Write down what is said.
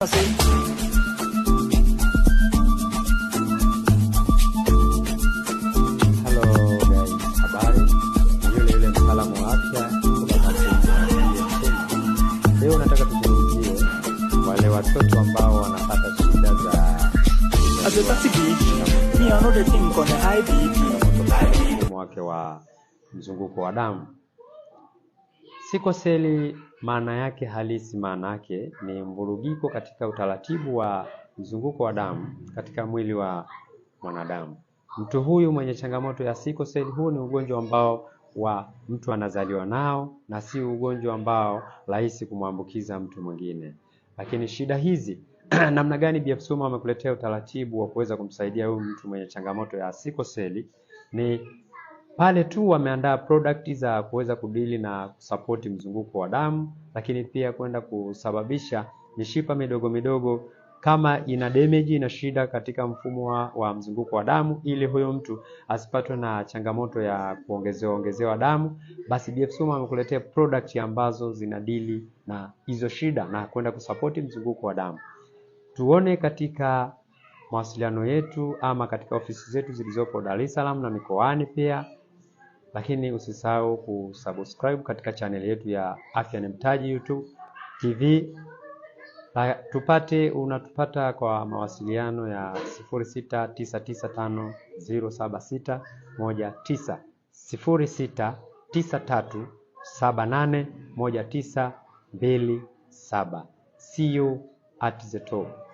Así. Hello habari. Yule yule mtaalamu wa afya kutoka kampuni wale watoto ambao wanapata shida za mfumo wake wa mzunguko wa damu Sikoseli maana yake halisi maana yake ni mvurugiko katika utaratibu wa mzunguko wa damu katika mwili wa mwanadamu. Mtu huyu mwenye changamoto ya sikoseli, huu ni ugonjwa ambao wa mtu anazaliwa nao na si ugonjwa ambao rahisi kumwambukiza mtu mwingine. Lakini shida hizi namna gani BF Suma wamekuletea utaratibu wa kuweza kumsaidia huyu mtu mwenye changamoto ya sikoseli ni pale tu wameandaa product za kuweza kudili na kusapoti mzunguko wa damu, lakini pia kwenda kusababisha mishipa midogo midogo kama ina damage na shida katika mfumo wa, wa mzunguko wa damu, ili huyo mtu asipatwe na changamoto ya kuongezewa ongezewa damu, basi BF Suma amekuletea product ambazo zinadili na hizo shida na kwenda kusapoti mzunguko wa damu. Tuone katika mawasiliano yetu ama katika ofisi zetu zilizopo Dar es Salaam na mikoani pia lakini usisahau kusubscribe katika chaneli yetu ya Afya ni Mtaji YouTube TV. La, tupate unatupata kwa mawasiliano ya 0699507619 0693781927 see you at the top.